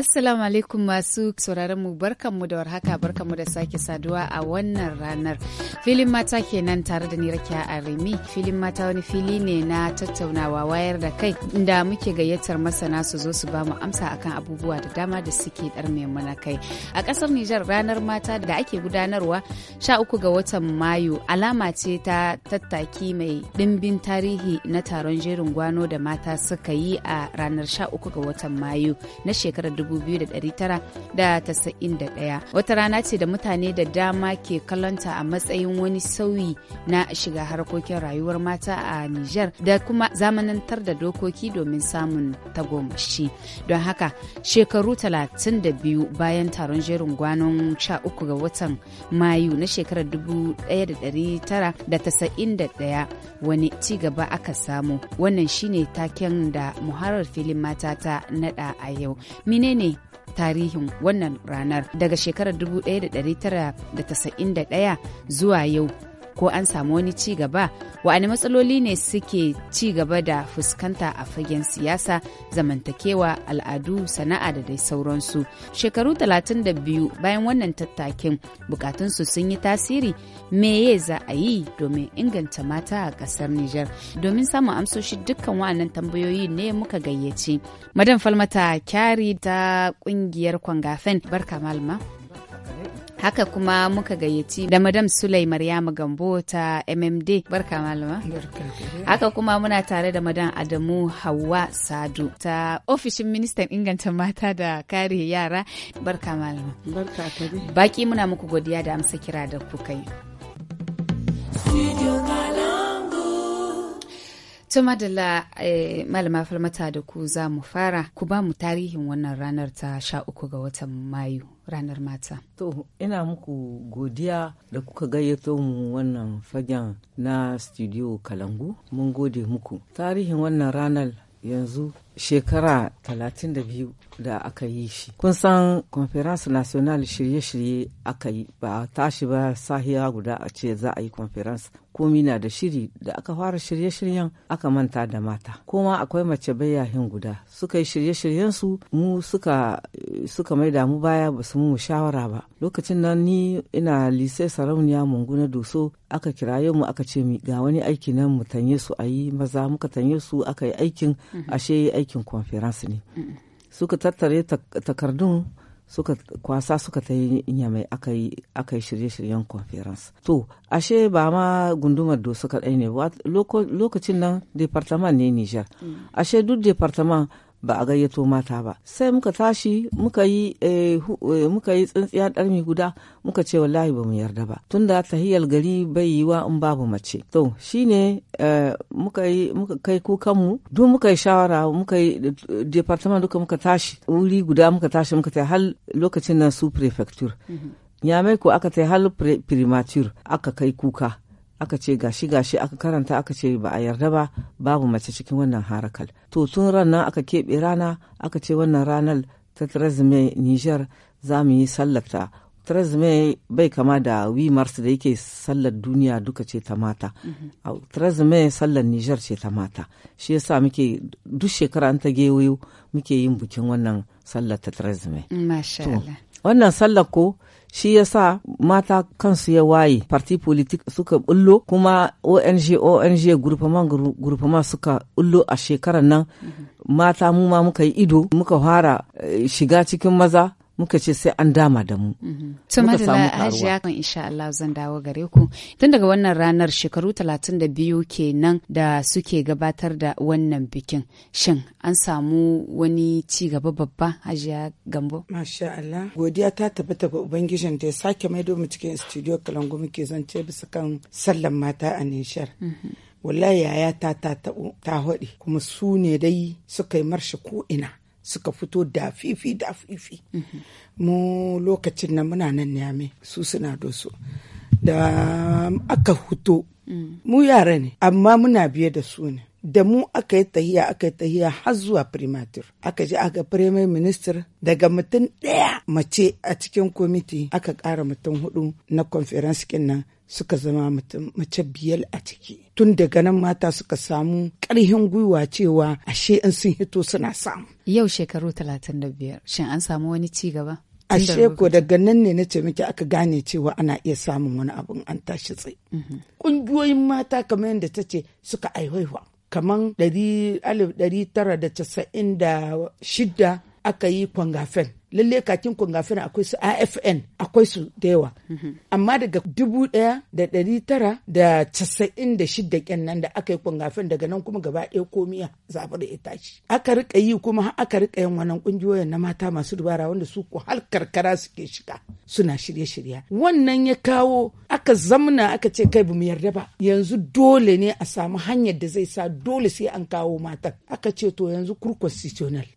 Assalamu alaikum masu sauraron mu barkanmu da warhaka barkanmu da sake saduwa a wannan ranar. Filin mata kenan tare da ni Rakiya Arimi. Filin mata wani fili ne na tattaunawa wayar da kai inda muke gayyatar masana su zo su bamu amsa akan abubuwa da dama da suke darme mana kai. A kasar Nijar ranar mata da ake gudanarwa 13 ga watan Mayu alama ce ta tattaki mai dimbin tarihi na taron jerin gwano da mata suka yi a ranar 13 ga watan Mayu na shekarar 2991 wata rana ce da mutane da dama ke kalanta a matsayin wani sauyi na shiga harkokin rayuwar mata a Nijar da kuma zamanantar da dokoki domin samun tagomashi don haka shekaru 32 bayan taron jerin gwanon 13 ga watan mayu na shekarar 1991 wani ci gaba aka samu wannan shine taken da muharar filin mata ta nada a yau mine menene tarihin wannan ranar daga shekarar 1991 zuwa yau ko an samu wani ci gaba wa'ani matsaloli ne suke ci gaba da fuskanta a fagen siyasa zamantakewa al'adu sana'a da dai sauransu shekaru 32 bayan wannan tattakin bukatunsu sun yi tasiri meye za a yi domin inganta mata a kasar Nijar domin samun amsoshi dukkan wa'annan tambayoyi ne muka gayyace. Madan falmata kyari ta kungiyar kwangafen barka malama Haka kuma muka gayyaci da Madam Sulai Maryamu Gambo ta MMD. Barka malama. Haka kuma muna tare da Madam Adamu hawa Sadu ta ofishin ministan inganta mata da kare yara. Barka malama. Baki muna muku godiya da amsa kira da kuka yi. To madalla eh, malama falmata da ku za mu fara ku ba mu tarihin wannan ranar ta sha uku ga watan Mayu ranar mata. To ina muku godiya da kuka gayyato mu wannan fagen na studio Kalangu mun gode muku. Tarihin wannan ranar yanzu shekara 32 da aka yi shi. Kun san Conference National shirye-shirye aka yi ba tashi ba sahiya guda a ce za a yi conference komi na da shiri da aka fara shirye-shiryen aka manta da mata. kuma akwai mace bayahin guda suka yi shirye su mu suka, suka mai damu baya ba su mu shawara ba. Lokacin nan ni ina lise sarauniya mungu na doso aka kiraye mu aka ce ga wani aiki nan mu tanye su a yi maza muka tanye su aka yi aikin mhm. ashe aikin conference ne suka tattare takardun suka kwasa suka ta yi mai aka yi shirye-shiryen conference to ashe ba ma gundumar dosa kaɗai ne lokacin nan departement ne niger mm. ashe duk departement ba a gayyato mata ba sai muka tashi eh, eh, muka yi tsintsiya ɗarmi guda muka ce wallahi ba mu yarda ba tunda tahiyar gari bai yiwa in babu mace to shine eh, muka yi muka kai kukanmu duk muka yi shawara muka yi department duka muka tashi wuri guda muka tashi muka ta hal lokacin nan su prefecture mhm. nyamai ko aka ta hal primature aka kai kuka aka ce gashi gashi aka karanta aka ce ba a yarda ba babu mace cikin wannan harakal to tun ranar aka keɓe rana aka ce wannan ranar ta Tresme Niger za mu yi sallarta Tresme bai kama da Wimars da yake sallar duniya duka ce ta mata. Mhm. Tresme sallar Nijar ce ta mata. Shi yasa muke duk shekara an ta gewayo muke yin bikin wannan sallar ta Tresme. Wannan sallar ko shi ya sa mata kansu ya waye parti politik suka bullo kuma ong ong gurfaman gurfaman suka bullo a shekarar nan mhm. mata mu ma muka yi ido muka fara eh, shiga cikin maza muka ce sai an dama da mu. da mhm. madalla hajiya kan insha Allah zan dawo gare ku. Tun daga wannan ranar shekaru talatin da biyu kenan da suke gabatar da wannan bikin. Shin an samu wani ci gaba babba hajiya Gambo? Masha Allah. Godiya ta tabbata ga Ubangijin da ya sake maido mu cikin studio Kalangu muke zance bisa kan sallan mata a Nishar. Mhm. wallahi yaya ta ta taɓo ta haɗe kuma su ne dai suka yi marshe ko ina suka fito da fifi da fifi. Mhm. mu lokacin na muna nan ne su suna doso da aka fito mm. mu yara ne amma muna biye da su ne da mu aka yi tahiya aka yi tahiya har zuwa primatur aka je aka premier minister daga mutum ɗaya mace a cikin kwamiti aka ƙara mutum hudu na conference kin nan suka zama mace biyar a ciki tun daga nan mata suka samu Karhin gwiwa cewa ashe in sun hito suna samu yau shekaru talatin shin an samu wani ci gaba ashe ko daga nan ne na ce aka gane cewa ana iya samun wani abun an tashi tsaye mhm. ƙungiyoyin mata kamar yadda ta ce suka casa'in kamar shida aka yi kwangafen lalle kakin kwangafin akwai su afn akwai su da yawa amma daga dubu daya da dari tara da casa'in da shida kyan nan da aka yi kwangafin daga nan kuma gaba ɗaya komiya zaɓar ya tashi aka rika yi kuma aka rika yin wannan ƙungiyoyin na mata masu dubara wanda su ko har karkara suke shiga suna shirye shirya wannan ya kawo aka zamna aka ce kai bamu yarda ba yanzu dole ne a samu hanyar da zai sa dole sai an kawo matan aka ce to yanzu kur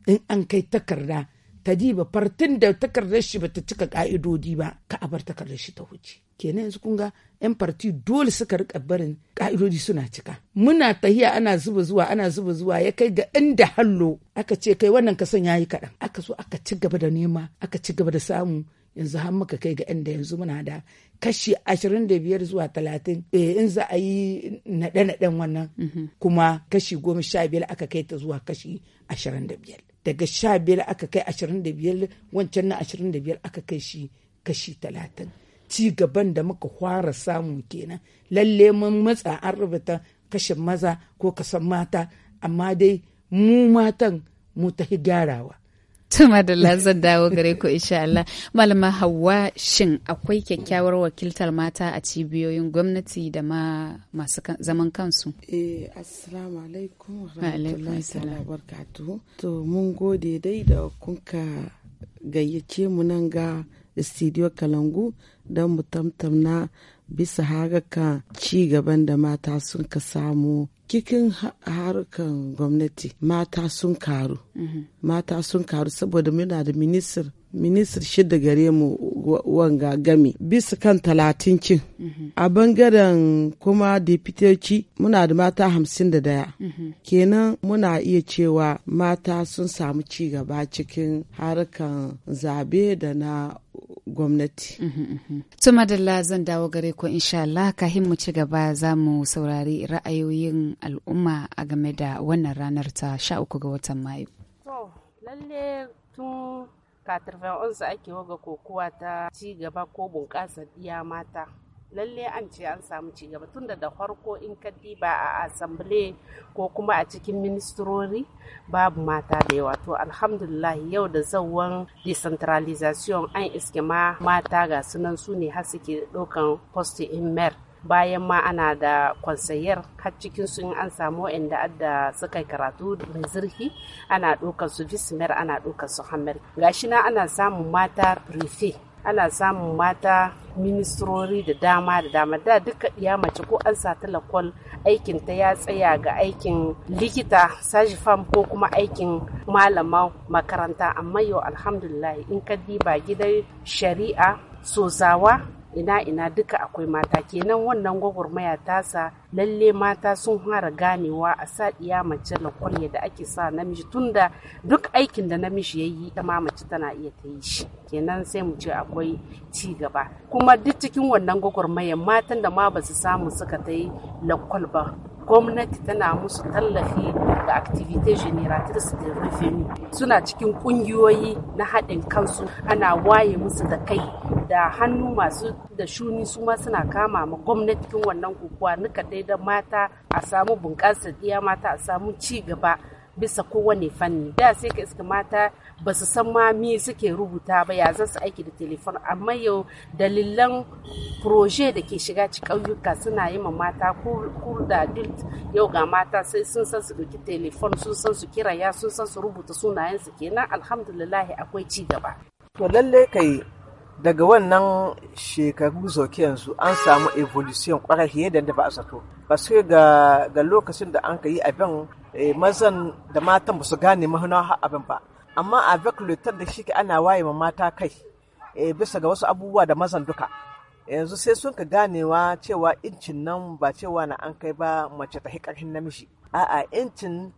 in an kai takarda Tadiba fartin da takardar shi bata cika ka'idodi ba ka a bar takardar shi ta huce kenan yanzu kun ga yan farti dole suka rika barin ka'idodi suna cika muna tahiya ana zuba zuwa ana zuba zuwa ya kai ga inda hallo aka ce kai wannan kasan yayi kaɗan aka so aka ci gaba da nema aka ci gaba da samu yanzu har muka kai ga inda yanzu muna da kashi ashirin da biyar zuwa talatin eh in za a yi naɗe-naɗen wannan mhm. kuma kashi goma sha biyar aka kai ta zuwa kashi ashirin da biyar daga sha biyar aka kai ashirin da biyar wancan na ashirin da biyar aka kai shi kashi talatin ci gaban da muka fara samu kenan lalle mun matsa an rubuta kashin maza ko kasan mata amma dai mu matan mu ta gyarawa Tuma da zan dawo gare ku insha Allah. Malama hawa shin akwai kyakkyawar wakiltar mata a cibiyoyin gwamnati da ma masu zaman kansu? Eh, assalamu alaikum rahmatullahi To mun gode dai da kunka gayyace mu nan ga studio Kalangu don mu tamtamna bisa hagaka ci gaban da mata sun ka samu kikin harkan gwamnati mata sun karu mhm. mata sun karu saboda muna da minisir ministir shida gare mu wanga gami bisa kan talatin kin mhm. a bangaren kuma deputeci muna da mata hamsin da daya mhm. kenan muna iya cewa mata sun samu ci gaba cikin harkan zabe da na gwamnati. Mhm, mhm. To madalla zan dawo gare ku insha Allah kahin mu ci gaba za mu saurari ra'ayoyin al'umma a game da wannan ranar ta sha 13 ga watan Mayu. To lalle tun 91 ake waga kokowa ta ci gaba ko bunƙasa biya mata. lalle an ce an samu cigaba tun da farko in ka diba a asambile ko kuma a cikin ministrori babu mata da yawa to alhamdulillah yau da zauwan decentralization an iske ma mata ga sunan su ne har suke ɗaukan post in mer bayan ma ana da kwansayyar har cikin su in an samu inda da suka karatu mai zurfi ana ɗaukar su vismer ana ɗaukar su hammer gashi na ana samun mata prefe ana samun mata ministrori da dama da dama da duka ya mace ko an sata lakwal aikin ta ya tsaya ga aikin likita sashi fam ko kuma aikin malama makaranta amma yau alhamdulillah in ka diba gidan shari'a sosawa. ina ina duka akwai mata kenan wannan gwagwarmaya tasa lalle mata sun fara ganewa a sa iya mace lakwalya da ake sa namiji tunda duk aikin da namiji ya yi ma mace tana iya ta yi shi kenan sai mu ce akwai ci gaba kuma duk cikin wannan gwagwarmaya matan da ma ba su samu suka ta yi lakwal ba gwamnati tana musu tallafi da activité generatrice de revenu suna cikin kungiyoyi na haɗin kansu ana waye musu da kai da hannu masu da shuni su ma suna kama ma gwamnatin wannan kukuwa nika da mata a samu bunƙasa iya mata a samu ci gaba bisa kowane fanni da sai ka iska mata ba su san ma me suke rubuta ba ya zan su aiki da telefon amma yau dalilan proje da ke shiga ƙauyuka suna yi ma mata kurda dilt yau ga mata sai sun san su ɗauki telefon sun san su kiraya sun san su rubuta sunayensu kenan alhamdulillah akwai ci gaba. To lalle kai daga wannan shekaru zoke yanzu an samu evolution kwarai fiye da da ba a zato basu ga, ga lokacin da an ka yi abin eh, mazan da matan ba su gane mahana abin ba amma a vekulator da shi ana waye mata kai e, bisa ga wasu abubuwa da mazan duka yanzu sai sun ka ganewa cewa incin nan ba cewa na an kai ba mace ta hikarhin namiji a'a incin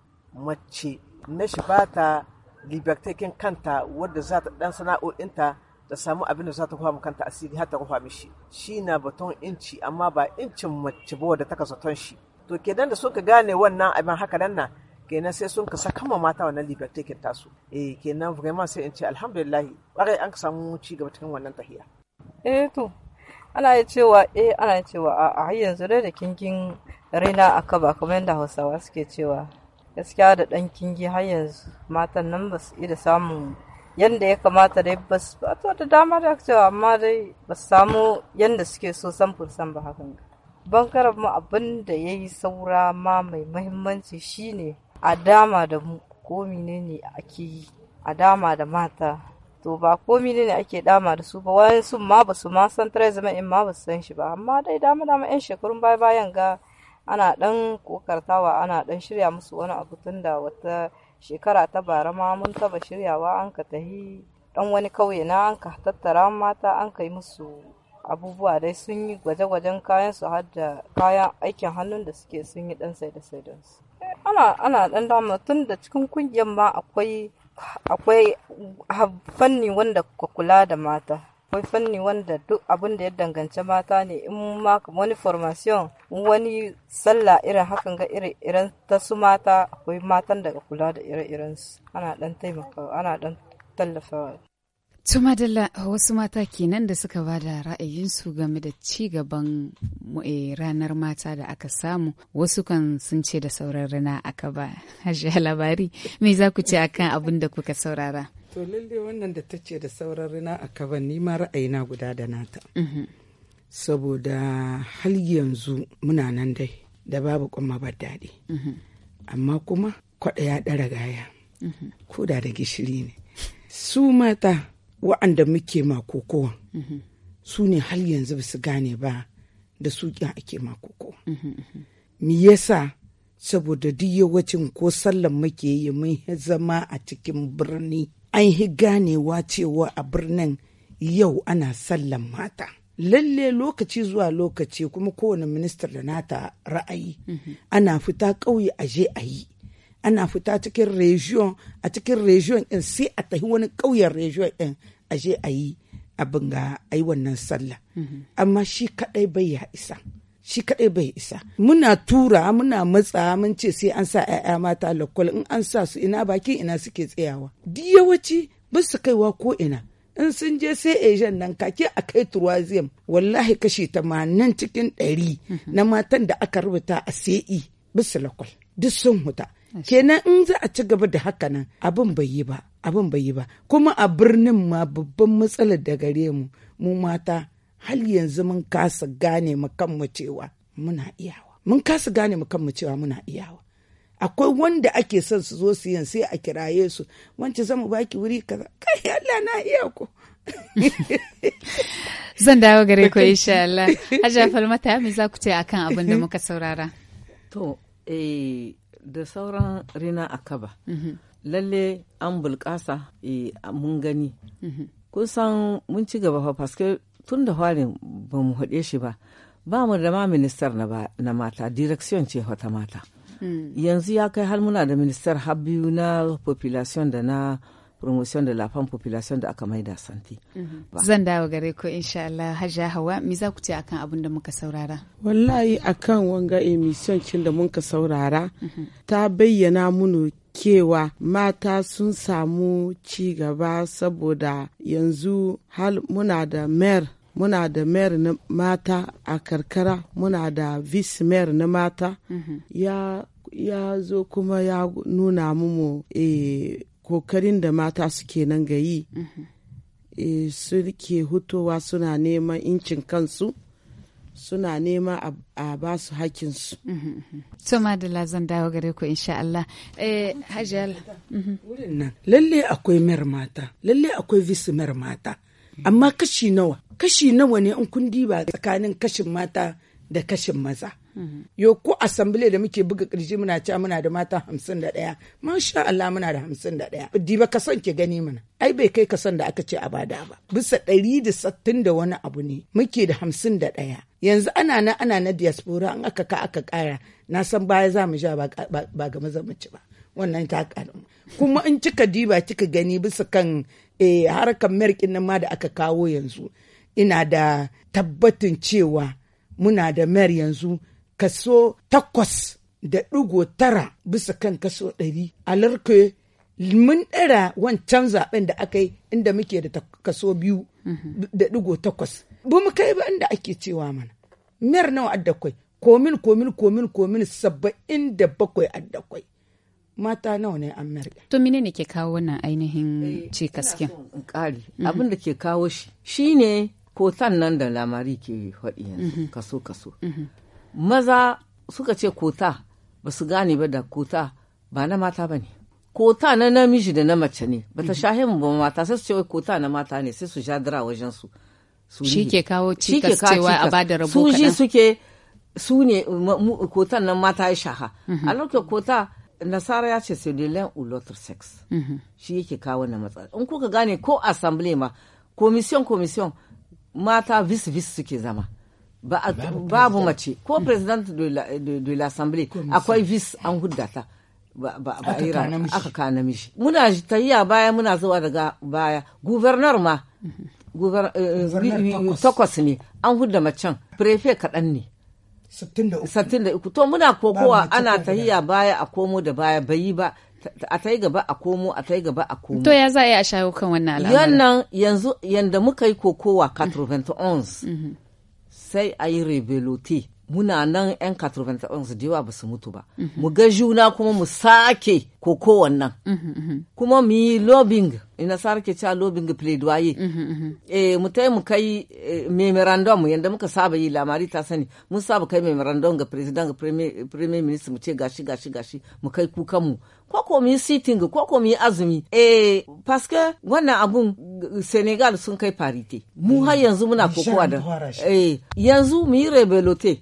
mace na shi ba ta libertakin kanta wadda za ta dan sana'o'inta da samu abin da za ta kwamu kanta asiri har ta kwa mishi shi na baton inci amma ba incin mace ba wadda ta kasa ton shi to kenan da sun ka gane wannan abin haka nan na kenan sai sun ka saka ma mata wannan libertakin tasu eh kenan vraiment sai in ce alhamdulillah kwarai an samu ci gaba cikin wannan tahiya eh to ana iya cewa eh ana cewa a har yanzu dai da kingin raina a kaba kamar yadda hausawa suke cewa gaskiya da dan kingi har yanzu matan nan ba su iya samun yanda ya kamata dai ba su ba to da dama da cewa amma dai ba su samu yanda suke so san fursan ba hakan ban karabu abin da ya yi saura ma mai mahimmanci shine a dama da mu ko menene ake yi a dama da mata to ba ko menene ake dama da su ba wani sun ma ba su ma san zama in ma ba su san shi ba amma dai dama dama yan shekarun baya bayan ga ana dan kokartawa ana dan shirya musu wani abu tun da wata shekara ta bara ma mun taba shiryawa an ka tahi dan wani kauye na an ka tattara mata an ka musu abubuwa dai sun yi gwaje-gwajen kayan su har kayan aikin hannun da suke sun yi dan sai da sai su ana ana dan dama tun da cikin kungiyar ma akwai akwai fanni wanda ka kula da mata akwai fanni wanda duk abin da ya danganci mata ne in ma wani formation wani sallah irin hakan ga irin ta su mata akwai matan daga kula da ire-irensu ana dan taimaka ana dan tallafawa Tuma dala wasu mata kenan da suka ba da ra'ayinsu game da ci gaban eh, ranar mata da aka samu wasu kan sun ce da sauran rana aka ba hajji labari me za ku ce akan abin da kuka saurara. To lalle wannan da ta ce da sauran rana aka ba ni ma ra'ayina guda da nata. Mm-hmm. Saboda hal yanzu muna nan dai da babu kuma ba daɗi. Mm-hmm. Amma kuma kwaɗa ya ɗara gaya. Mm-hmm. Ko da da gishiri ne. Su mata Waɗanda muke makokowa su ne har yanzu ba su gane ba da su ake makokowa me yasa saboda duk yawancin ko sallan muke yi mun zama a cikin birni an yi ganewa cewa a birnin yau ana sallan mata lalle lokaci zuwa lokaci kuma kowane minista da nata ra'ayi ana fita ƙauye a je a yi ana fita cikin region a cikin region ɗin sai a tafi wani ƙauyen region ɗin Aje a yi abin ga a yi wannan sallah amma shi kaɗai bai ya isa shi kaɗai bai isa muna tura muna matsa mun ce sai an sa 'ya'ya mata lakwal in an sa su ina bakin ina suke tsayawa duk yawanci ba su kaiwa ko ina in sun je sai asian nan kake a kai turwaziyam wallahi kashi tamanin cikin ɗari mhm. na matan da aka rubuta a sai e bisu lakwal duk sun huta kenan in za a ci gaba da haka nan abin bai yi ba abin bai yi ba kuma a birnin ma babban matsalar da gare mu mu mata har yanzu mun kasa gane mu kan mu cewa muna iyawa mun kasa gane mu kan mu cewa muna iyawa akwai wanda ake son su zo su yin sai a kiraye su wance mu baki wuri kaza kai Allah na iya ku zan dawo gare ku insha Allah hajjar Falmata me za ku ce akan abin da muka saurara to eh da sauran rina a kaba mhm. lalle an bulƙasa eh, mun gani mhm. kun san mun ci gaba fa paske tun da farin ba mu haɗe shi ba ba mu da ma ministar na mata direction ce wata mata mhm. yanzu ya kai har muna da ministar har biyu na population da na promotion de la femme population da aka maida santi. Mhm. Zan dawo gare ku insha Allah Hajja Hawa me za ku ci akan abin da muka saurara? Wallahi akan wanga emission cin da muka saurara mhm. ta bayyana munu kewa mata sun samu ci gaba saboda yanzu hal muna da mayor muna da mayor na mata a karkara muna da vice mayor na mata mhm. ya ya zo kuma ya nuna mu e, eh, kokarin da mata suke nan ga yi eh, suke hutowa suna neman incin kansu suna nema a ba su hakinsu. So Madala zan dawo gare ku insha Allah. Eh, Hajjal. Mhm. lalle akwai mer mata, lalle akwai visu mer mata. Amma kashi nawa, kashi nawa ne in kun diba tsakanin kashin mata da kashin maza. Yo ko assembly da muke buga kirji muna cewa muna da mata hamsin da ɗaya. Masha Allah muna da hamsin da ɗaya. Diba ka son ki gani mana. Ai bai kai ka son da aka ce a bada ba. Bisa ɗari da sattin da wani abu ne muke da hamsin da ɗaya. Yanzu ana na ana na diaspora an aka ka aka ƙara na san baya za mu ja ba ga maza mace ba. Wannan ta Kuma in kika diba kika gani bisa kan eh, harkar merkin nan ma da aka kawo yanzu. Ina da tabbatin cewa muna da mayar yanzu kaso takwas da ɗigo tara bisa kan kaso ɗari alarke mun ɗara wancan zaben da aka yi inda muke da kaso biyu da ɗigo takwas ba mu kai ba inda ake cewa mana mayar nawa addakwai komin komin komin komin saba'in da bakwai addakwai mata nawa ne an mayar to mine ne ke kawo wannan ainihin eh, ce kasken ƙari mhm. abin da ke kawo shi shine kotan nan da lamari ke faɗi yanzu mhm. kaso kaso mhm. maza suka ce kota ba su gane ba da kota ba na mata ba ne kota na namiji da na mace ne ba ta shahe mu ba mata sai su ce wai kota na mata ne sai su sha dira wajen su shi ke kawo cikas cewa a ba da rabo kaɗan su suke su ne kotan nan mata ya shaha mhm. a lokacin kota nasara ya ce len ulotar sex shi yake kawo wannan matsala in kuka gane ko assembly ma commission commission mata vis vis suke zama babu mace ko president de l'assemblée akwai vice an huddata ba a yi aka ka mishi muna tayya baya muna zuwa daga baya gubernar ma eh, eh, takwas ne an hudda macen prefe kaɗan ne 63 to muna kokowa ana tahiya baya a komo da baya bai yi ba a ta yi gaba a komo a ta yi gaba a komo to ya za a yi a shawo kan wannan al'amarin yannan yanzu yanda muka yi kokowa 91 sai a yi rebeloti muna nan 'yan 91 da yawa ba su mutu ba mhm. mu ga juna kuma mu sake koko wannan mhm, mhm. kuma mu yi lobbying ina sar ca cha lobin ga pledoyer mhm, mhm. eh mu tai mu kai eh, memorandum yanda muka saba yi lamari ta sani mun saba kai memorandum ga president ga premier minister mu ce gashi gashi gashi mu kai kukan mu ko ko mu yi sitting ko ko mu yi azumi eh parce que wannan abun eh, Senegal sun kai parite mu har mm. yanzu muna kokowa da eh yanzu mu yi rebelote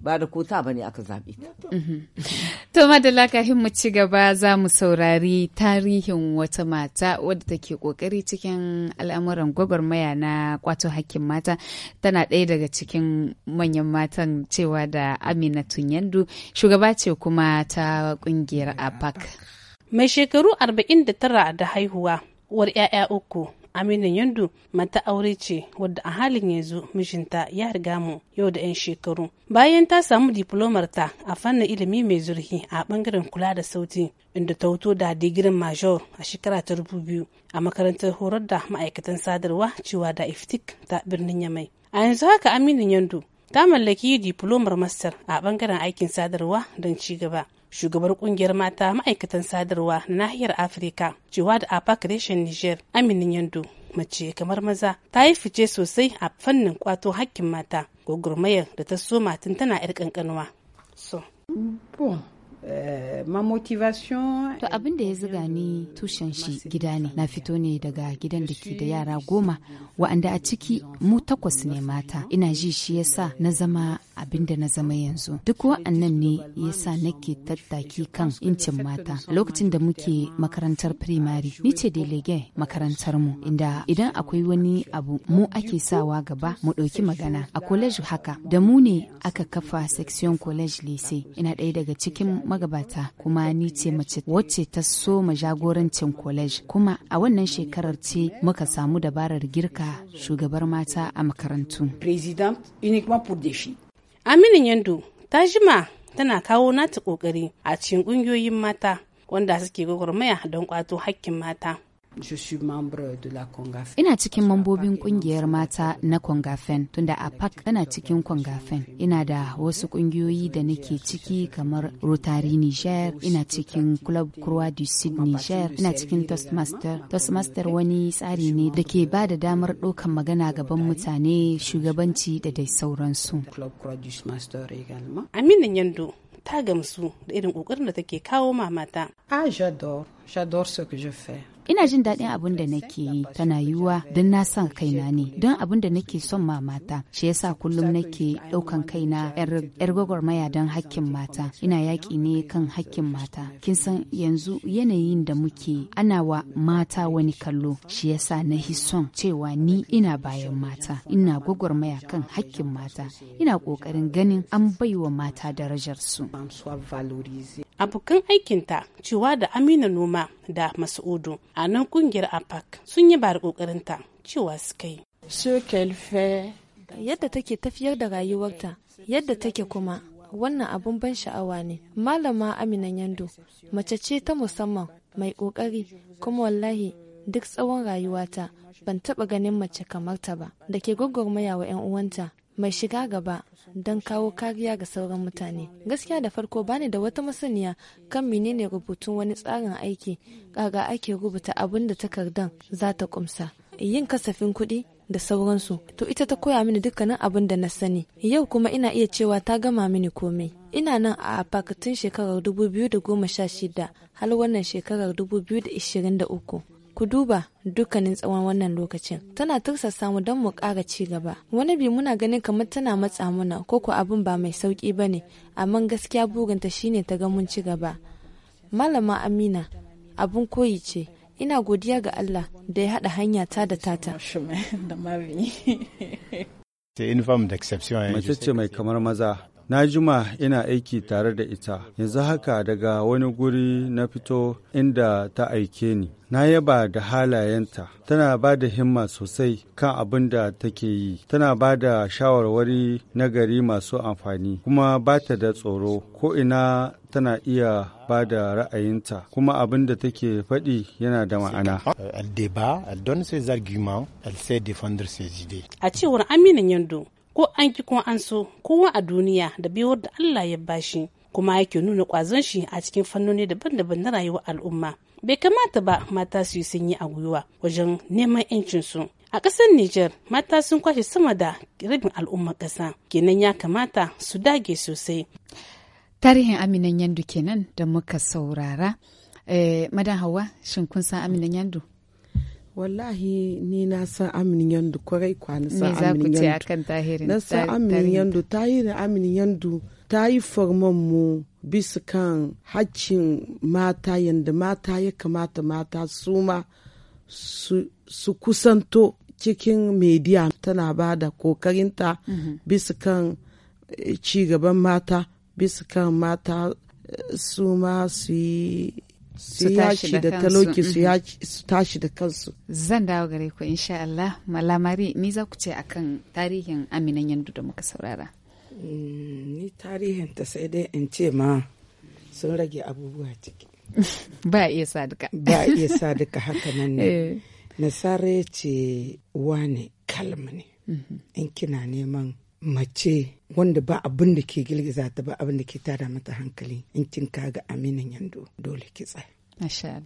ba da kota ba ne aka zaɓe ta. Mhm. To madalla kafin mu ci gaba za mu saurari tarihin wata mata wadda take ƙoƙari cikin al'amuran gwagwarmaya na kwato hakkin mata tana ɗaya daga cikin manyan matan cewa da Amina Tunyandu shugaba ce kuma ta ƙungiyar APAC. Mai shekaru 49 da haihuwa, war 'ya'ya uku. Aminu Yandu mata aure ce wadda a halin yanzu mijinta ya riga mu yau da 'yan shekaru. Bayan ta samu diplomarta a fannin ilimi mai zurfi a bangaren kula da sauti inda ta wuto da digirin major a shekara ta biyu a makarantar horar da ma'aikatan sadarwa cewa da iftik ta birnin Yamai. A yanzu haka Aminu Yandu ta mallaki diplomar master a bangaren aikin sadarwa don cigaba gaba shugabar kungiyar mata ma'aikatan sadarwa na nahiyar afirka cewa da afac reshen niger aminin yando mace kamar maza ta yi fice sosai a fannin kwato hakkin mata gwagwarmayar da ta soma tun tana 'yar kankanwa. so Eh, ma motivation to abin da ya zuga ni tushen shi gida ne na fito ne daga gidan da ke da yara goma wa'anda a ciki mu takwas ne mata ina ji shi yasa na zama abin da na zama yanzu duk wa'annan ne yasa nake tattaki kan incin mata lokacin da muke makarantar primary ni ce delege makarantar mu inda idan akwai wani abu mu ake sawa gaba mu ɗauki magana a college haka da mu ne aka kafa section college lise ina ɗaya daga cikin magabata kuma ni ce mace wacce ta soma jagorancin college kuma a wannan shekarar ce muka samu dabarar girka shugabar mata a makarantu. Aminu yendu ta jima tana kawo nata kokari a cikin kungiyoyin mata wanda suke gwagwarmaya don kwato hakkin mata. Ina cikin mambobin kungiyar mata na Kongafen tunda a PAC tana cikin Kongafen. Ina da wasu kungiyoyi da nake ciki kamar Rotary Niger, ina cikin Club Croix du Sud Niger, ina cikin Toastmaster. Toastmaster wani tsari ne da ke ba da damar ɗaukan magana gaban mutane, shugabanci da dai sauransu. Aminu Yando, ta gamsu da irin ƙoƙarin da take kawo mamata. Ah, j'adore, j'adore ce que je fais. ina jin daɗin abin da nake yi tana yiwuwa don na san kaina ne don abin da nake son ma mata shi yasa kullum nake ɗaukan kaina yar gwagwarmaya don hakkin mata ina yaƙi ne kan hakkin mata kin san yanzu yanayin da muke ana wa mata wani kallo shi yasa na son cewa ni ina bayan mata ina gwagwarmaya kan hakkin mata ina ƙoƙarin ganin an bai wa mata darajarsu. Abokan aikinta cewa da Amina Noma da Masudu a nan kungiyar apac sun yi bari da kokarinta cewa su kai yadda take tafiyar da rayuwarta yadda take kuma wannan abun ban sha'awa ne malama amina yando mace ce ta musamman mai kokari kuma wallahi duk tsawon rayuwata ban taɓa ganin mace kamar ta ba da ke gwagwarmaya wa 'yan uwanta mai shiga gaba don kawo kariya ga sauran mutane gaskiya da farko bani da wata masaniya kan menene rubutun wani tsarin aiki kaga ake rubuta abin da takardan za ta kumsa yin kasafin kuɗi da sauransu to ita ta koya mini dukkanin abin da na sani yau kuma ina iya cewa ta gama mini komai ina nan a fakatun shekarar 2016 har wannan shekarar 2023 ku duba dukkanin tsawon wannan lokacin tana tursasa mu don mu kara ci gaba wani bi muna ganin kamar tana matsa muna ko ko abin ba mai sauki ba ne amma gaskiya burinta shine ta ga mun ci gaba malama amina abun koyi ce ina godiya ga allah da ya haɗa hanya ta da tata mace ce mai kamar maza Na jima ina aiki tare da ita, yanzu haka daga wani guri na fito inda ta aike ni. Na yaba da halayenta, tana ba da himma sosai kan abin da take yi, tana ba da shawarwari na gari masu amfani, kuma ba ta da tsoro, ko ina tana iya ba da ra'ayinta kuma abin da take faɗi yana da ma'ana. Euh, A cewar Aminu Yando, ko an ki ko an so kowa a duniya da biyuwar da Allah ya bashi kuma yake nuna kwazon shi a cikin fannoni daban-daban na rayuwar al'umma bai kamata ba mata su yi sanyi a gwiwa wajen neman 'yancinsu a ƙasar nijar mata sun kwashe sama da rabin al'ummar ƙasa kenan ya kamata su dage sosai tarihin aminan yandu kenan da muka saurara eh, madan hawa shin kun san aminan yandu wallahi ni na san aminin yandu kwarai kwani san aminin yandu na san aminin yandu tahirin aminin yandu ta yi farman mu bisa kan haccin mata yadda mata ya kamata mata su ma su kusanto cikin media tana ba da kokarinta mhm. bisa kan eh, cigaban mata bisa kan mata eh, su ma su yi su tashi da taloki mm-hmm. su tashi da kansu zan dawo gare ku insha Allah malamari ni za ku ce akan tarihin aminan yandu da muka saurara mm, ni tarihin ta sai dai in ce ma sun rage abubuwa ciki ba iya sadaka ba iya sadaka haka nan ne eh. nasara ce wane kalma ne mm-hmm. in kina neman mace wanda ba abin da ke girgiza ta ba abin da ke tada mata hankali in kin kaga aminin yando dole ki tsaya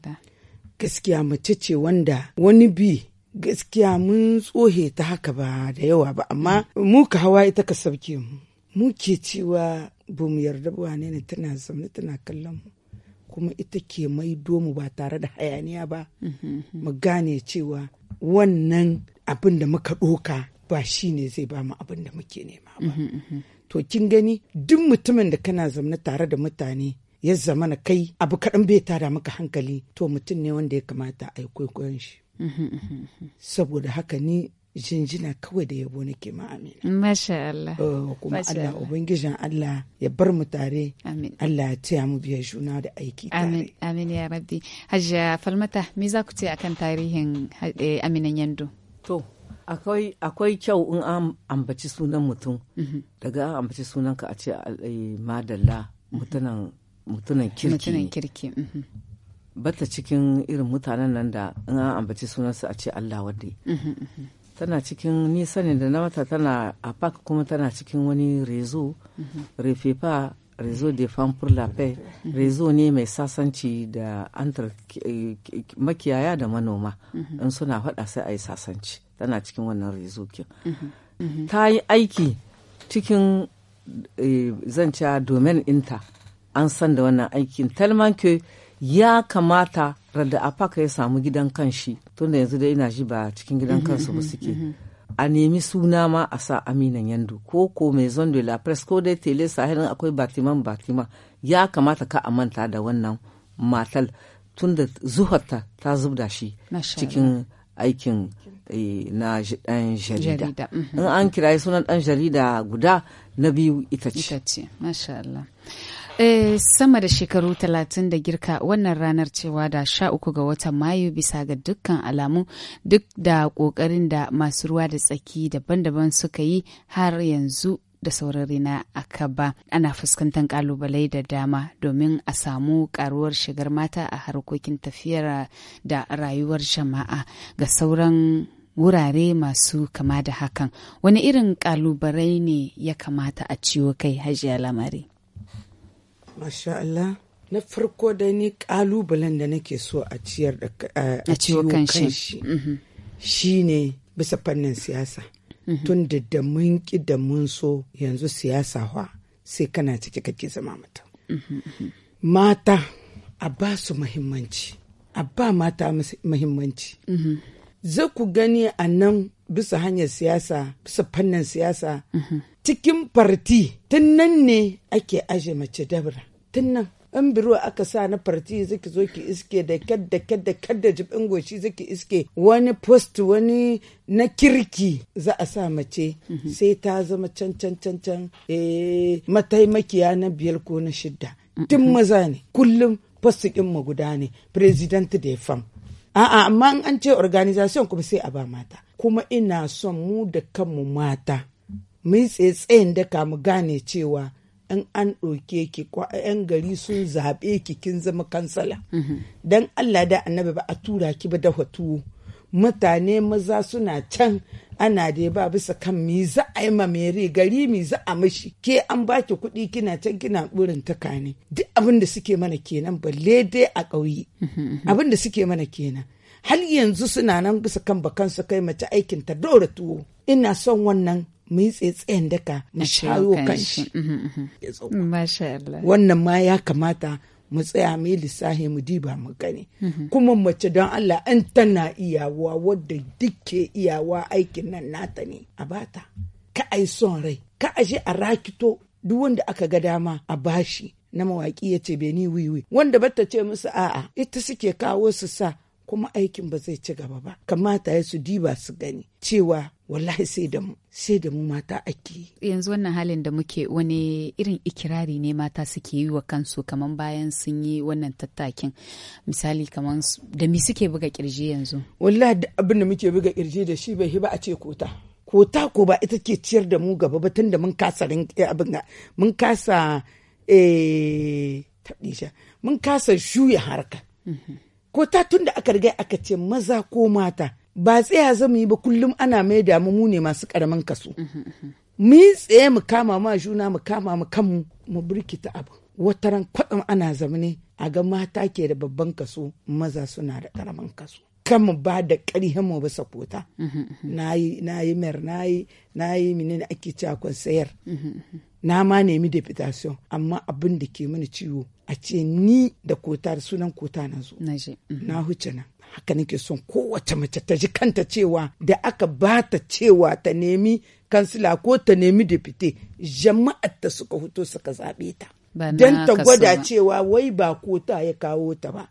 gaskiya mace ce wanda wani bi gaskiya mun tsohe ta haka ba da yawa ba amma mu ka hawa ita ka sauke mu mu ke cewa ba mu yarda ba wane ne tana zaune tana kallon mu kuma ita ke maido mu ba tare da hayaniya ba mm-hmm. mu gane cewa wannan abin da muka ɗoka ba shi ne zai ba mu abin da muke nema ba mhm, mhm. to kin gani duk mutumin da kana zama tare da mutane ya zama na kai abu kaɗan bai tara maka hankali to mutum ne wanda ya kamata a yi kwaikwayon shi mhm, saboda haka ni jinjina kawai da yabo nake ma amina masha Allah oh, kuma Allah ubangijin Allah ya bar mu tare Allah ya taya mu biya juna da aiki tare amin amin ya rabbi hajja falmata me za ku ce akan tarihin eh, aminan yando akwai kyau in an ambaci sunan mutum mhm. daga an ambaci sunanka a ce eh, madalla mhm. mutunan kirki mhm. bata cikin irin mutanen nan da in an ambaci sunansu a ce allah wadda tana cikin ni da na mata tana a park kuma tana cikin wani rezo refefa réseau défense pour la paix réseau ne mai sasanci da antar makiyaya da manoma in suna faɗa sai a yi sasanci tana cikin wannan réseau kin ta yi aiki cikin zanca domin inta an san da wannan aikin talman ke ya kamata rada a faka ya samu gidan kanshi tunda yanzu da ina shi ba cikin gidan kansu ba suke a nemi suna ma a sa aminan yandu ko ko zon de la presse ko dai tele sahirin akwai batiman batiman ya kamata ka amanta da wannan matal tun da zuharta ta zubda shi cikin aikin eh, na ɗan jarida mhm. in an kiraye sunan ɗan jarida guda na biyu ita ce Eh, sama da shekaru talatin da girka wannan ranar cewa da sha uku ga watan mayu bisa ga dukkan alamu duk da ƙoƙarin da masu ruwa da tsaki daban-daban suka yi har yanzu da saurari na ba. ana fuskantar ƙalubale da dama domin a samu karuwar shigar mata a harkokin tafiyar da rayuwar jama'a ga sauran wurare masu kama da hakan wani irin kalubalai ne ya kamata a ciwo kai hajiya lamari Masha Allah. Na farko da ni ƙalubalen da nake so a ciyar da a ciwo kanshi mm-hmm. shi ne bisa fannin siyasa. Mm-hmm. Tun da da mun ki da mun so yanzu siyasa wa sai kana ciki kake zama mata mm-hmm, Mata a ba su muhimmanci. a ba mata muhimmanci za ku gani a nan bisa hanyar siyasa bisa fannin siyasa mhm. cikin farti tun nan ne ake aje mace dabra tun nan in biro aka sa na farti zaki zo ki iske da kadda kadda kadda jibin goshi zaki iske wani post wani na kirki za a sa mace mhm. sai ta zama can can can can eh, mataimakiya na biyar ko na shidda mm, tun mhm. maza ne kullum post ɗin guda ne president da ya fam a'a amma in an ce organization kuma sai a ba mata kuma ina son mu da kanmu mata mu yi tsaye daka mu gane cewa in an ɗauke ki yan gari sun zaɓe ki kin zama kansala mhm. don allah da annabi ba a tura ki ba da tuwo mutane maza suna can ana da ba bisa kan mi za a yi ma meri gari mi za a mashi ke an baki kuɗi kina can kina burin taka ne duk abin da suke mana kenan balle dai a ƙauye abin da suke mana kenan har yanzu suna nan bisa kan bakan su kai mace aikin ta dora tuwo ina son wannan mu yi tsaitsayen daka shayo kan shi mm-hmm, mm-hmm. wannan ma ya kamata mu tsaya mu yi lissahi mu diba mu gani mhm. kuma mace don Allah an tana iyawa wadda duke iyawa aikin nan nata ne a bata ka ai son rai ka ashe a rakito duk wanda aka ga dama a bashi na mawaƙi ya ce beni wiwi wanda bata ce musu a'a ita suke kawo su sa kuma aikin ba zai ci gaba ba kamata ya su diba su gani cewa wallahi sai da mu sai da mu mata ake yanzu wannan halin da muke wani irin ikirari ne mata suke yi wa kansu kaman bayan sun yi wannan tattakin misali kaman da mi suke buga kirje yanzu wallahi da abin da muke buga kirje da shi bai ba a ce kota kota ko ba ita ke ciyar da mu gaba ba tunda mun kasa eh, abin mun kasa eh mun kasa shuya harka mhm. ko ta tun da aka riga aka ce maza ko mata ba tsaya yi ba kullum ana mai damu mu ne masu karamin kaso mu yi tsaye mu kama ma juna mu kama mu kanmu mu birkita abu wataran kwatsam ana zamani a ga mata ke da babban kaso maza suna da karamin kaso kan mu ba da ƙarhin mu bisa kota mhm, mhm, mhm. na yi mer na yi na yi mini ake cewa sayar na ma nemi deputation amma abin da ke mini ciwo a ce ni da kota da sunan kota na zo na huce nan haka nake son kowace mace ta ji kanta cewa da aka ba ta cewa ta nemi kansila ko ta nemi depute jama'ar ta suka huto suka zaɓe ta don ta gwada cewa wai ba kota ya kawo ta ba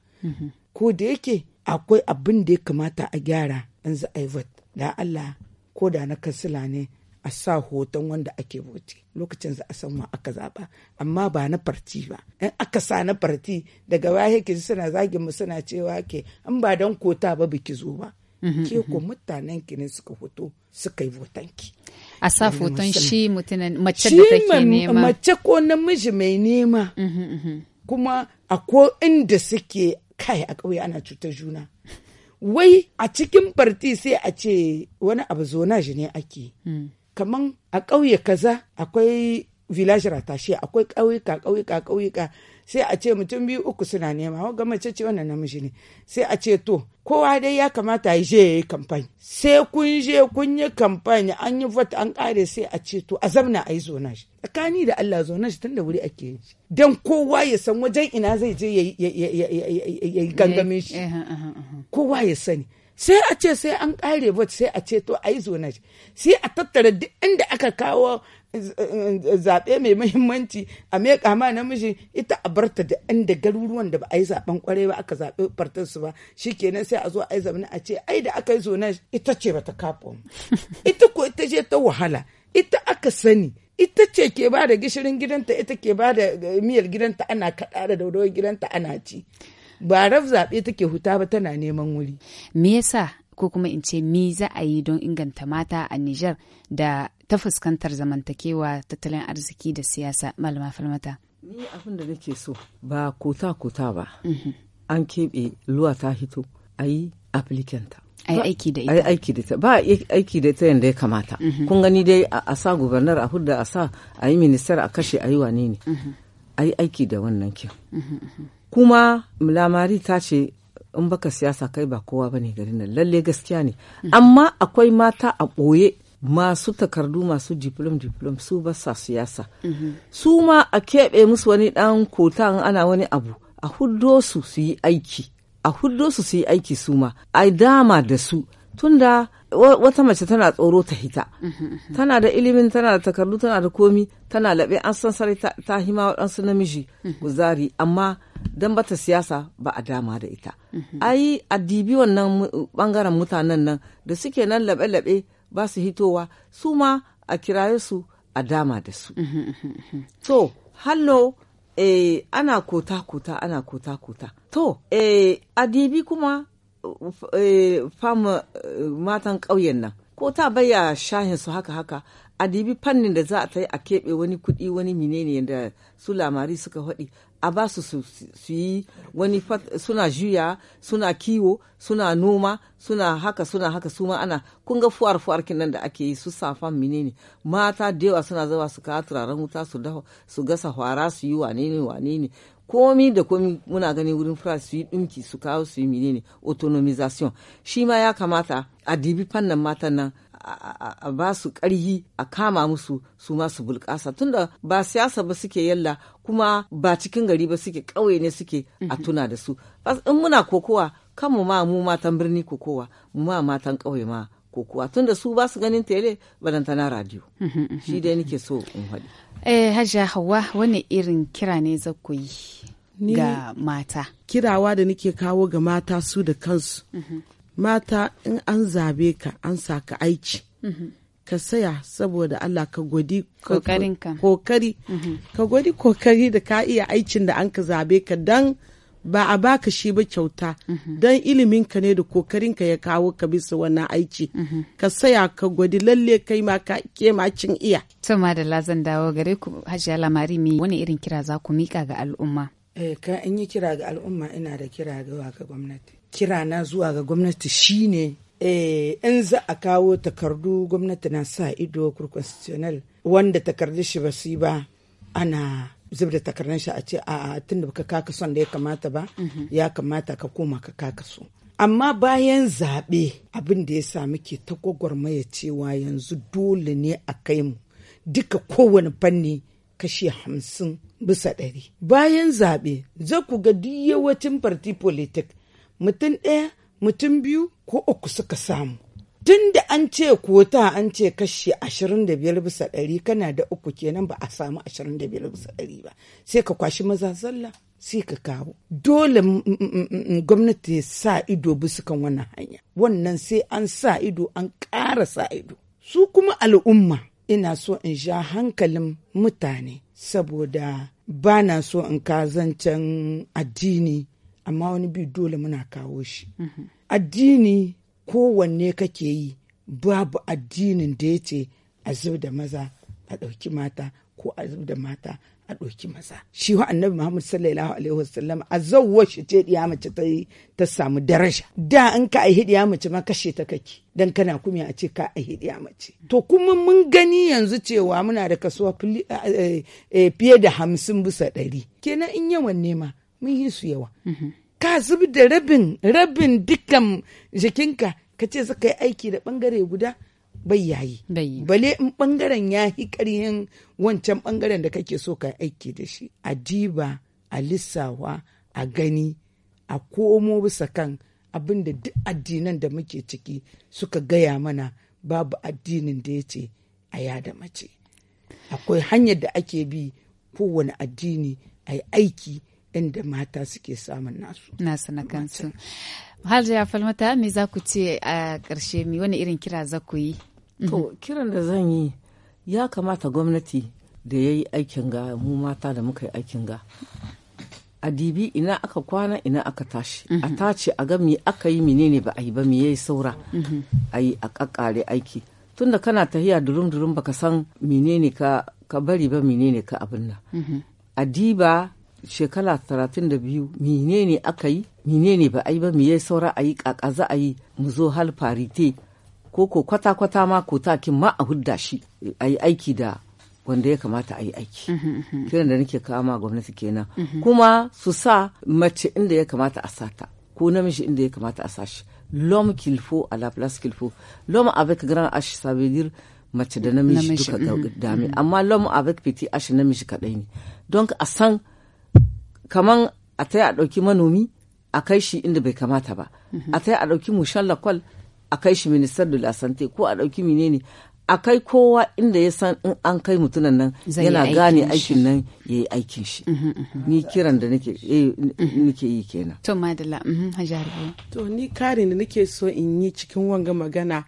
ko da yake akwai abin da ya kamata a gyara in za a yi da Allah ko da na kansila ne a sa hoton wanda ake voti lokacin za a san wa aka zaba amma ba na farti ba in aka sa na farti daga baya ke suna zagin mu suna cewa ke in ba dan kota ba biki zo ba mhm, ke ko mhm. mutanen ki ne suka hoto suka yi votan ki a sa hoton shi mutanen mace da take nema mace ko namiji mai nema mhm, kuma a ko inda suke kai a ƙauye ana cutar juna wai a cikin farti sai a ce wani abu zonage ne ake hmm. kaman a ƙauye kaza akwai village ratashe akwai ƙauyuka ƙauyuka ƙauyuka sai a ce mutum biyu uku suna nema ga mace ce wannan namiji ne sai a ce to kowa dai ya kamata ya je ya yi kamfani sai kun je kun yi kamfani an yi vote an kare sai a ce to a zamna a yi zona shi tsakani da Allah zona shi tun da wuri ake yi shi dan kowa ya san wajen ina zai je ya yi gangamin shi kowa ya sani sai a ce sai an kare vote sai a ce to a yi zonaj sai a tattara duk inda aka kawo eh, zaɓe mai muhimmanci a meƙa ma namiji ita a barta da inda garuruwan da ba a yi zaɓen kwarai ba aka zaɓe fartar su ba shikenan sai a zo a yi zamani a ce ai da aka yi zonaj ita ce bata kafo ita ko ita ce ta wahala ita aka sani ita ce ke ba da gishirin gidanta ita ke ba da eh, miyar gidanta ana kaɗa da daudawar gidanta ana ci ba raf zaɓe take huta ba tana neman wuri me yasa ko kuma in ce me za a yi don inganta mata a Nijar da ta fuskantar zamantakewa tattalin arziki da siyasa malama falmata ni abin da nake so ba kota kota ba mhm. an keɓe luwa ta hito a yi a yi aiki da ita aiki da ita aiki da ita yadda ya kamata mhm. kun gani dai a sa gubernar a hudda a sa a yi ministar a kashe a yi wane ne mhm. a yi aiki da wannan kyau kuma lamari ta ce in baka siyasa kai ba kowa bane garin nan lalle gaskiya ne amma akwai mata a ɓoye masu takardu masu diplom diplom su ba sa siyasa su ma a keɓe musu wani ɗan kota in ana wani abu a huddo su su yi aiki a huddo su su yi aiki su ma a dama da su tunda wata mace tana tsoro ta hita tana da ilimin tana da takardu tana da komi tana laɓe an san sarai ta hima waɗansu namiji guzari amma don bata siyasa ba a dama da ita ayi dibi wannan bangaren mutanen nan da suke nan laɓe-laɓe ba su hitowa su ma a kiraye su a dama da su to hallo eh, ana kota-kota ana kota-kota to eh, dibi kuma Eh, fama eh, matan ƙauyen nan ko ta baya shahin su haka haka a dibi fannin da za a ta yi a keɓe wani kuɗi wani menene da su lamari suka haɗi a ba su su yi wani suna juya suna kiwo suna noma suna haka suna haka su ma ana kunga ga fuwar fuwar kinan da ake yi su mine ne mata da yawa suna zawa su kawo turaren wuta su su gasa hwara su yi wane ne wane ne komi da komi muna gani wurin france su yi ɗinki su kawo su yi menene autonomization shi ma ya kamata a dibi fannin matan nan a ba su a kama musu su ma su bulƙasa tunda ba siyasa ba suke yalla kuma ba cikin gari ba suke ƙauye ne suke a mhm. tuna da su in muna kokowa mu ma mu matan birni kokowa mu ma matan ƙauye ma kokowa tunda su ba su ganin tele balantana radio mhm, mhm, shi dai nake so in haɗi Eh, Hajja Hauwa wani irin kira ne za yi ga mata? Kirawa da nake kawo ga mata su da kansu. Mm -hmm. Mata in an zabe ka an sa ka aiki. Mm -hmm. Ka saya saboda Allah ka gwadi kokari. Mhm. Ka gwadi kokari da ka iya aikin da an ka zabe ka dan ba a baka shi ba kyauta mhm. don ilimin ka ne da kokarin ka ya kawo ka bisa wannan aiki mhm. ka saya ka gwadi lalle kai ma ka ke cin iya tuma da zan dawo gare ku hajiya lamari mi wani irin kira za ku mika ga al'umma eh ka an yi kira ga al'umma ina da kira ga ga gwamnati kira na zuwa ga gwamnati shine eh in za a kawo takardu gwamnati na sa ido constitutional wanda takardu shi ba su yi ba ana da takardan shi a ce a tun da baka kaka son da ya kamata ba ya kamata ka koma ka kaka so amma bayan zaɓe abin da ya sami ke ta gwagwarmaya cewa yanzu dole ne a kai mu duka kowane fanni kashi hamsin bisa ɗari bayan zaɓe za ku ga duk yawancin party politik mutum ɗaya mutum biyu ko uku suka samu tun da an ce kota an ce kashi 25 bisa ɗari kana da uku kenan ba a samu 25 bisa ɗari ba sai ka kwashi maza zalla sai ka kawo dole gwamnati sa ido bisa kan wannan hanya wannan sai an sa ido an ƙara sa ido su kuma al'umma ina so in sha hankalin mutane saboda ba na so in ka zancen addini amma wani bi dole muna kawo shi mhm. addini kowanne kake yi babu addinin da ya ce a zub da maza a ɗauki mata ko a zub da mata a ɗauki maza shi wa annabi muhammad sallallahu alaihi wasallam a zawwa shi ce ɗiya mace ta samu daraja da in ka aihi ɗiya mace ma kashe ta kake dan kana kuma a ce ka aihi ɗiya mace to kuma mun gani yanzu cewa muna da kasuwa fiye da hamsin bisa ɗari kenan in yawan nema mun yi su yawa mm-hmm. ka zub da rabin rabin dukkan jikinka ka ce za yi aiki da bangare guda bai yayi bale in bangaren ya yi karhin wancan bangaren da kake so ka aiki da shi a diba a lissawa a gani a komo bisa kan abin da duk addinan da muke ciki suka gaya mana babu addinin da ya ce a yada mace akwai hanyar da ake bi kowane addini a yi aiki inda mata suke samun nasu nasu na kansu ya falmata me za ku ce a ƙarshe mi wani irin kira za ku yi to kiran da zan yi ya kamata gwamnati da ya yi aikin ga mu mata da muka yi aikin ga a dibi ina aka kwana ina aka tashi a mhm. tace a ga mi aka yi menene ba a yi ba me yayi saura mhm. a yi a kakkare aiki tunda kana tahiya durum durum baka san menene ka ka bari ba menene ka abin nan mhm. a diba shekara 32 menene aka yi menene ba a yi ba mu yi saura a yi kaka za a yi mu zo hal farite ko ko kwata kwata ma ko takin ma a hudda shi a yi aiki da wanda ya kamata a yi aiki mm-hmm, mm-hmm. kiran da nake kama gwamnati kenan mm-hmm. kuma su sa mace inda ya kamata a sata ko namiji inda ya kamata a sashi l'homme qu'il faut à la place qu'il lom l'homme avec grand H mace da namiji duka dame amma lom avec petit H namiji kadai ne don a san kaman a ta yi a ɗauki manomi a kai shi inda bai kamata ba a ta yi a ɗauki mushan lakwal a kai shi ministar da lasante ko a ɗauki menene a kai kowa inda ya san in an kai mutunan nan yana gane aikin nan ya yi aikin shi mhm, mhm. ni kiran da eh, nake yi kenan to madalla mhm, to ni kare da nake so in yi cikin wanga magana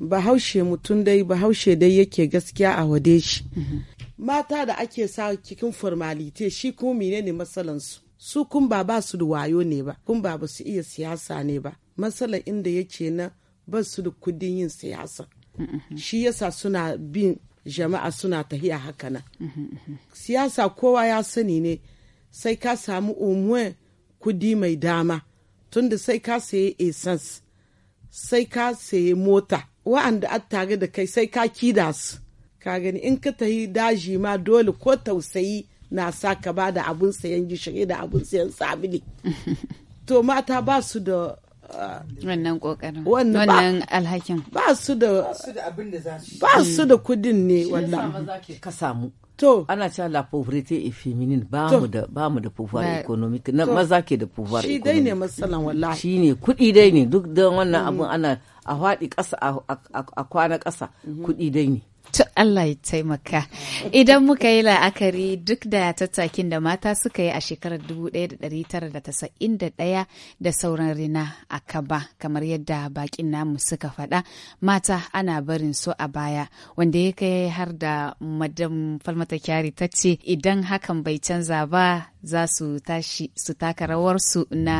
bahaushe mutum dai bahaushe dai yake gaskiya a wade shi mata da ake sa cikin formalite shi kuma menene matsalansu su kun ba ba su da wayo ne ba kun ba ba su iya siyasa ne ba matsalar inda yake na ba su da kudin yin siyasa shi yasa suna bin jama'a suna tahiya haka nan siyasa kowa ya sani ne sai ka samu umuwan kudi mai dama tunda sai ka sayi essence sai ka sayi mota wa'anda a tare da kai sai ka kida su ka gani in ka tafi daji ma dole ko tausayi na sa ka ba da abun sayan gishiri da abun sayan sabili to mata ba su da uh, wannan kokarin wannan alhakin ba su da ba su da kudin ne wannan ka samu to ana cewa la pauvreté et féminine ba mu da ba mu da pouvoir économique na maza ke da pouvoir shi dai ne matsalan wallahi shi ne kuɗi dai ne duk da wannan mm. abun ana a faɗi ƙasa a kwana ƙasa mm-hmm. kuɗi dai ne To Allah ya taimaka. Idan muka yi la'akari duk da tattakin da mata suka yi a shekarar 1991 da sauran rina a kaba kamar yadda bakin namu suka faɗa mata ana barin su a baya wanda ya kai har da madam falmata kyari ta ce idan hakan bai canza ba za su tashi su taka rawarsu na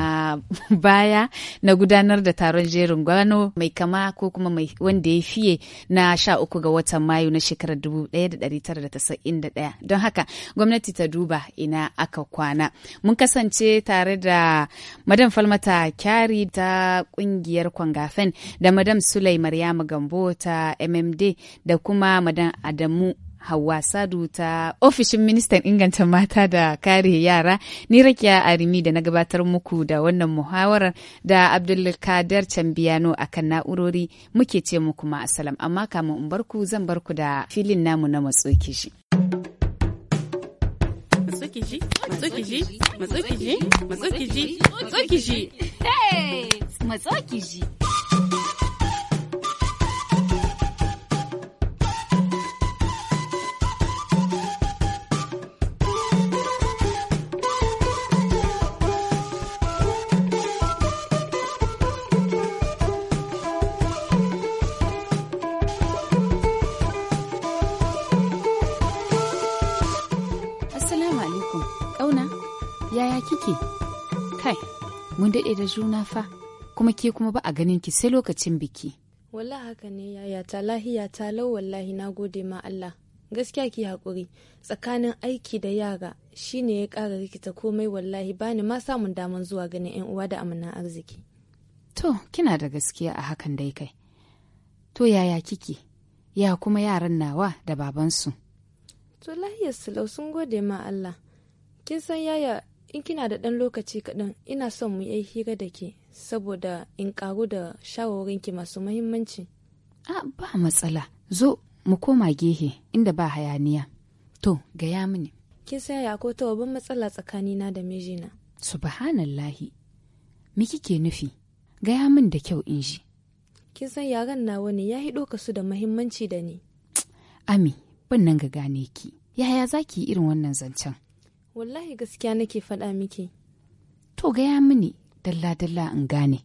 baya na gudanar da taron jerin gwano mai kama ko kuma wanda ya fiye na sha uku ga watan Mayu na shekarar 1991 don haka gwamnati ta duba ina aka kwana. Mun kasance tare da Madam Falmata Kyari ta kungiyar Kwangafen da Madam Sulai Maryama Gambo ta MMD da kuma Madam Adamu Hauwa Sadu ta ofishin ministan inganta mata da kare yara ni rakiya arimi da na gabatar muku da wannan muhawarar da Abdulkadir Cambiano akan na'urori muke ce muku ma asalam amma kamun in barku zan barku da filin namu na matsoki shi. kike kai mun daɗe da juna fa kuma ke kuma ba a ganin ki sai lokacin biki Wallah haka ne yaya ta lahiya ta lau wallahi na gode ma Allah gaskiya ki haƙuri tsakanin aiki da yara shine ya ƙara rikita komai wallahi bani ma samun daman zuwa ganin yan uwa da amana arziki to kina da gaskiya a hakan dai kai to yaya kike ya kuma yaran nawa da babansu to lahiyar lau sun gode ma Allah kin san yaya in kina da ɗan lokaci kaɗan ina son mu yi hira da ke saboda in ƙaru da shawarinki masu mahimmanci. A ba matsala, zo mu koma gehe inda ba hayaniya. To, gaya mini. Kin san ya ko ta babban matsala tsakanina da mijina. Subhanallahi, me kike nufi? Gaya min da kyau in ji. Kin san yaran nawa ne ya hido ka su da mahimmanci da ni. Ami, ban nan ga gane ki. Yaya za ki yi irin wannan zancen? wallahi gaskiya nake faɗa miki to gaya mini dalla-dalla in gane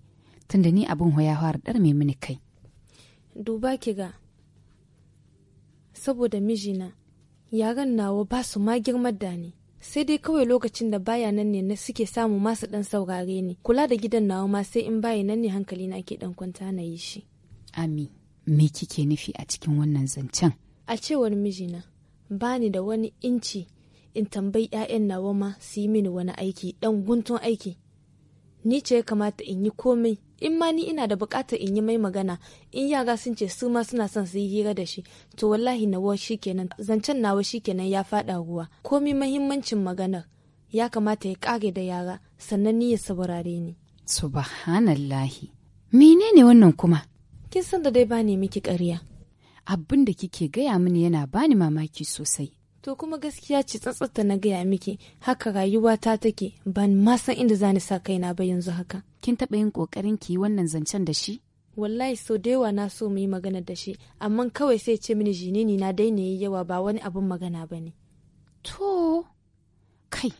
tunda ni abin hoya har dar mai mini kai duba ki ga saboda mijina yaran nawa ba su ma girmar da ni sai dai kawai lokacin da baya nan ne na suke samu masu dan saurare ni kula da gidan nawa ma sai in baya nan ne hankali na ke dan kwanta na yi shi ami me kike nufi a cikin wannan zancen a cewar mijina bani da wani inci in tambayi 'ya'yan nawa ma su yi mini wani aiki ɗan guntun aiki ni ce ya kamata in yi komai in ma ni ina da bukatar in yi mai magana in yara sun ce su ma suna son su yi hira da shi to wallahi nawa shikenan zancen nawa kenan ya fada ruwa komai mahimmancin maganar ya kamata ya kare da yara sannan ni ya saurare ni subhanallahi menene wannan kuma kin san da dai bani miki ƙarya abin da kike gaya mini yana bani mamaki sosai to kuma gaskiya ce tsatsatta na gaya miki haka rayuwa ta take ban ma san inda za ni sa kaina ba yanzu haka kin taɓa yin ƙoƙarin ki wannan zancen da shi wallahi so da yawa na so mu yi magana da shi amma kawai sai ce mini jinini na daina yi yawa ba wani abin magana ba ne to kai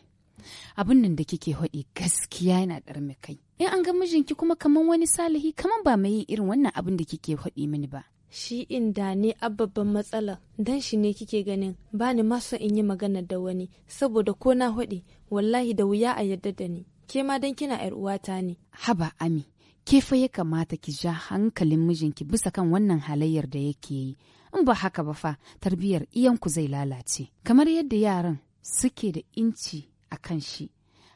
abin nan da kike haɗi gaskiya yana ɗarmi kai in an ga mijinki kuma kaman wani salihi kaman ba mai irin wannan abin da kike haɗi mini ba shi inda ne babban matsala dan shi ne kike ganin ba ni masa in yi magana da wani saboda ko na haɗi wallahi da wuya a yarda da ni ke ma dan kina yar uwata ne haba ami ke fa ya kamata ki ja hankalin mijinki bisa kan wannan halayyar da yake yi in ba haka ba fa tarbiyyar iyanku zai lalace kamar yadda yaran suke da inci a kan shi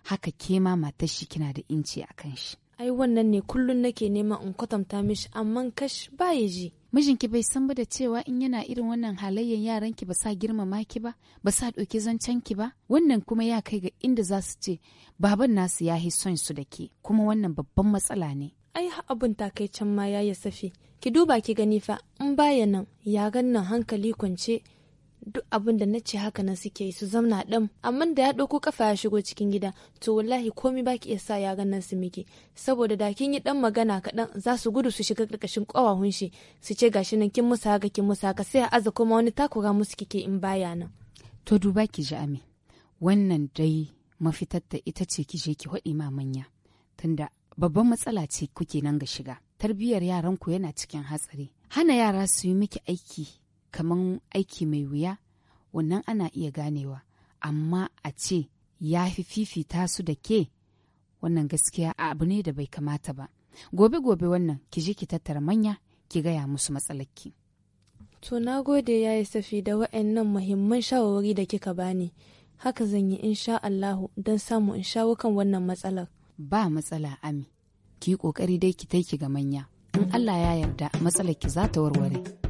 haka ke ma matar shi kina da inci a kan shi ai wannan ne kullum nake neman in kwatanta mishi amma kash ba ya ji mijinki bai san ba da cewa in yana irin wannan halayyar ki ba sa girmama ki ba ba sa ɗauki zancen ki ba wannan kuma ya kai ga inda za su ce baban nasu ya son su da ke kuma wannan babban matsala ne ai abun takaicen ma ya safi ki duba ki gani fa in baya nan ya nan hankali kwance duk abin da na ce haka nan suke su zamna ɗan amma da ya ɗauko kafa ya shigo cikin gida to wallahi komai baki iya sa yaran nan su miki saboda da kin yi ɗan magana kaɗan za su gudu su shiga ƙarƙashin ƙawahun shi su ce gashi nan kin musa haka kin musa haka sai a aza kuma wani takura musu kike in baya nan. to duba ki ji ame wannan dai mafitar ta ita ce ki je ki haɗi ma manya tunda babban matsala ce kuke nan ga shiga tarbiyyar ku yana cikin hatsari hana yara su yi miki aiki kamar aiki mai wuya wannan ana iya ganewa amma a ce ya fi fifita su da ke wannan gaskiya abu ne da bai kamata ba gobe gobe wannan ki je ki tattara manya ki gaya musu matsalarki to na gode ya yi safi da wa'annan muhimman shawarwari da kika bani haka zan yi insha Allahu don samu in shawo kan wannan matsalar ba matsala ami ki yi kokari dai ki ta ki ga manya in Allah ya yarda matsalar ki za ta warware